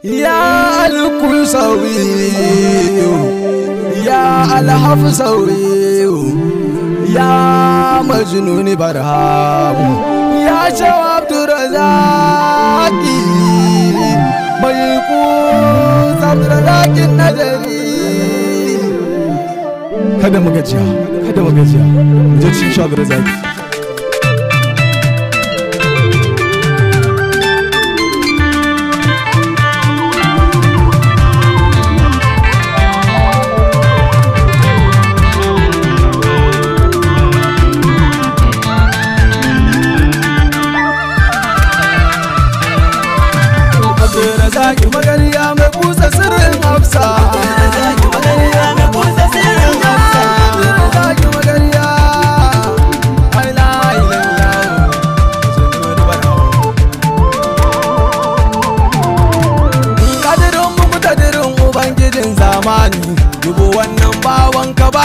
Ya Al-Kusawi Ya Al-Hafsawi Ya Majnuni Barham Ya Shaw Abdurazaki Mai Kusa Abdurazaki Najari Kada mu gajiya kada mu gajiya mu je cin shagara zaki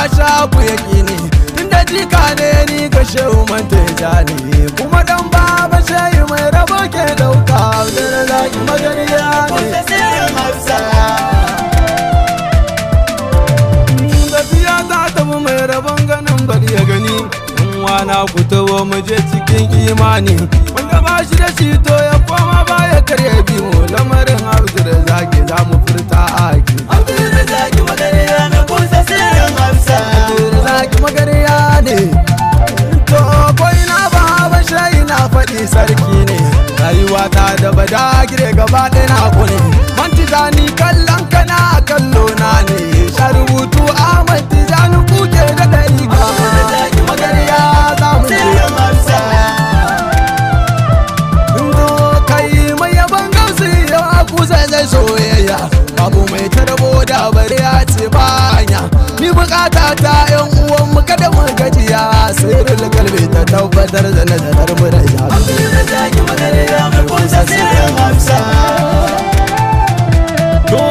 na sha ku ni tun da jika ne ni ka shehu ja ne kuma dan baba shehu mai rabo ke ɗauka da na zaki magariya ne ta ganin ya gani wana ku tawo cikin imani wanda ba shi da shi to ya koma ya karya bi mu lamarin abdur zaki za mu furta aiki. magariya ne kasar zane zanar mu da ja to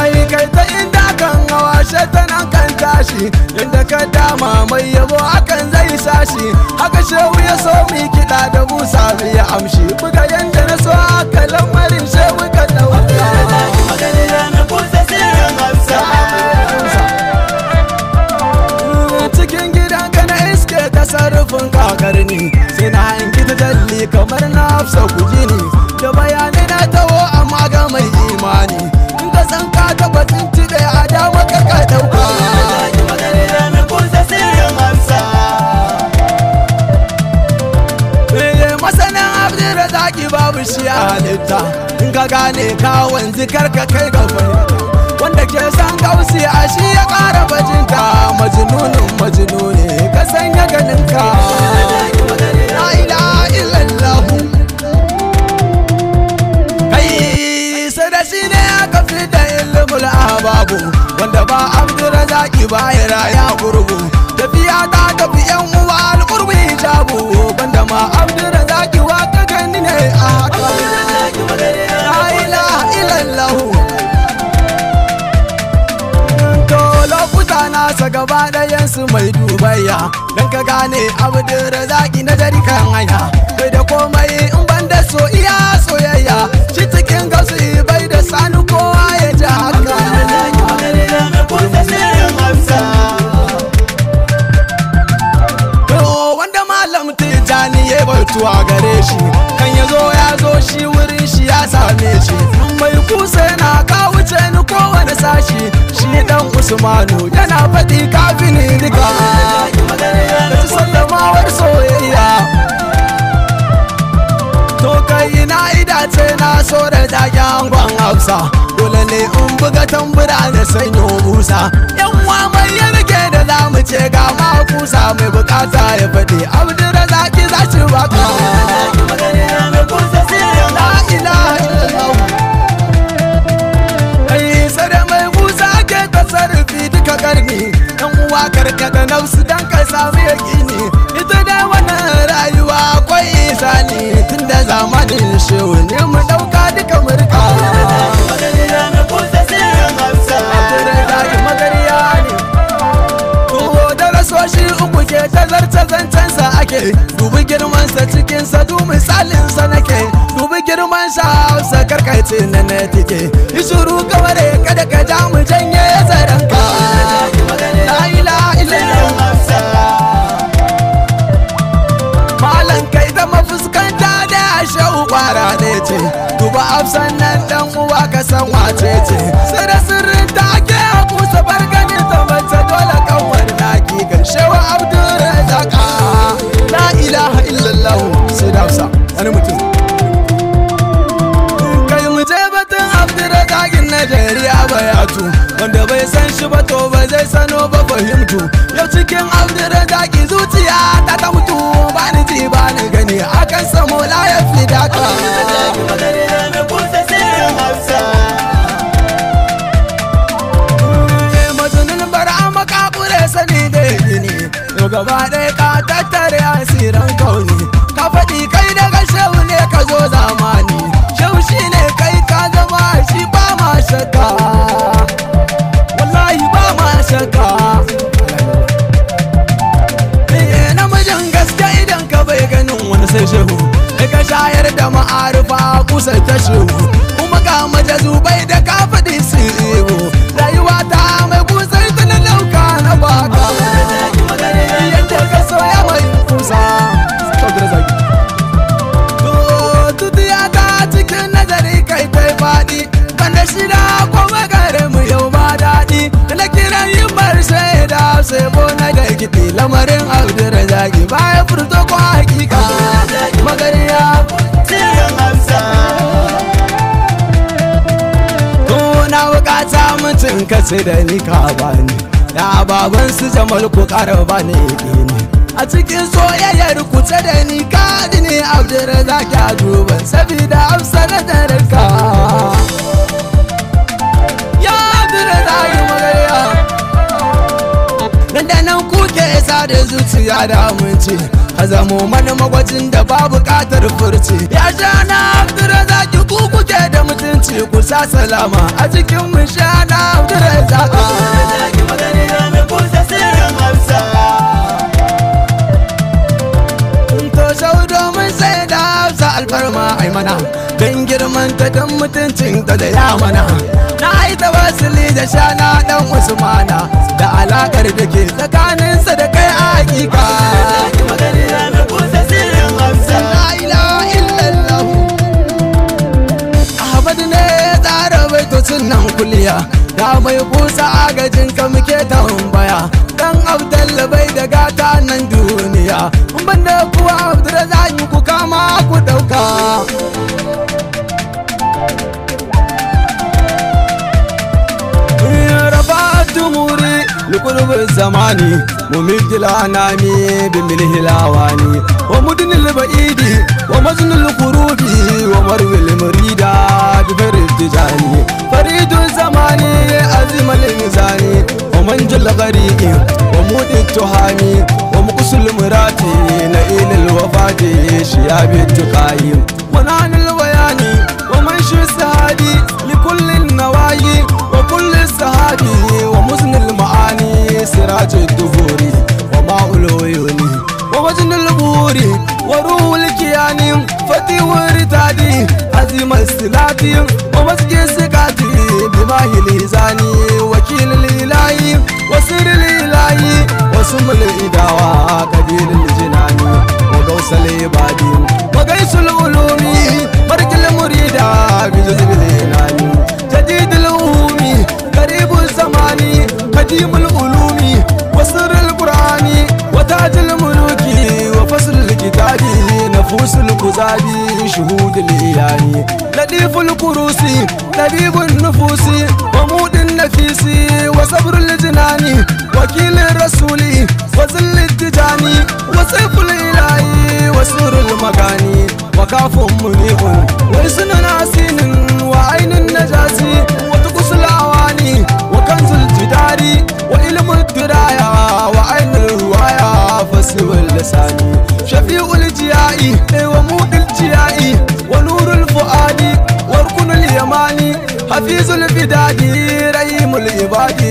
ai kai ta inda kan hawa shatanan kan tashi inda ka dama mai yabo akan zai sashi haka shehu ya so mi kiɗa da busa ya amshi buga yanda na so aka lamarin shehu ka sarrafin karni suna sai na jalli kamar na hafsa kuji ni da bayanai na taho amma ga mai imani in ka san ka taba tsinci da ya dama ka ka dauka eh, masanin abdin da zaki babu shi a halitta in ka gane ka wanzu karka kai ga fahimta wanda ke san gausi a shi ya kara bajinta majinunin majinune ka sanya ganinka babu wanda ba abdura zaki ya raya gurgu tafiya ta tafi yan uwa al'urbi jabu banda ma abdura zaki waka gani ne a haka la ilaha illallah lokuta nasa gaba ɗayansu mai dubayya don ka gane abu da zaki na dari kan bai da komai in ban da so iya soyayya shi cikin gasu bai da sanu kowa ya ji haka wanda malam tijani ya bautuwa gare shi kan ya zo ya zo shi wurin shi ya same shi kowane sashi shi dan usmanu yana faɗi kafin duka ta sallamawar soyayya to kai ina idace na so da dagen gwan hausa dole ne in buga tambura da sanyo musa yan mai ya rike da mu ce ga makusa mai bukata ya faɗi abdura zaki za shi baka la sarfi duka karni yan uwa da nausu dan ka samu yakini ita da wannan rayuwa akwai isani tun da zamanin shehu ne mu dauka duka murka Soshi uku ke tazarta zancensa ake, dubi girmansa cikinsa du misalinsa nake. girman sa hausa karkace na na tike isuru kaware kada ka ja mu janye zaran ka la kai zama fuskanta da shehu kwara ne ce duba afsan nan dan uwa ka san wace ce sirrin ta ke sabar barka chuva, tô sa ta shehu kuma ga majazu kace da ni ka bani da baban su jamal ku karaba ne ne a cikin soyayyar ku da ni ka ne za ya duban sabida amsa na daraka ya abdurrazak magariya nan da nan kuke sa da zuciya da aminci a zamo mana magwajin da ba bukatar furci ya sha na ki. ce kusa salama a cikin mu sha na tare zaka da hausa alfarma ai girman ta don mutuncin ta da yamana na ai ta wasili da shana dan usmana da alakar da ke tsakaninsa da kai a hakika mai kusa agajin ka muke ta humbaya dan abdalla labai da gata nan duniya da kuwa abdura za yi ku kama ku dauka lukurubin zamani mumikil anami bimil hilawani wa mudunil ba'idi wa maznul ce shi ya bintu qayyim wa nanil bayani wa man shi sahabi li kullin nawayi wa kullin sahabi wa musnil ma'ani sirajul duburi wa ma'ul wayuni wa wajnul buri wa ruhul kiyani fatihur ritadi azimul silati wa masjid sikati bimahil zani wakilil ilahi wa sirril ilahi wa sumul idawa kabilil salibadi ba gaisu fusul kuzabi shuhudin iyani ladiful kurusi tabibun nufusi wa nafisi wa sabrul jinani wakilin rasuli wa zillil tijani wa sayful ilahi wa surul magani wa kafum muniun wa asinin hafizul daɗi rahimul ibadi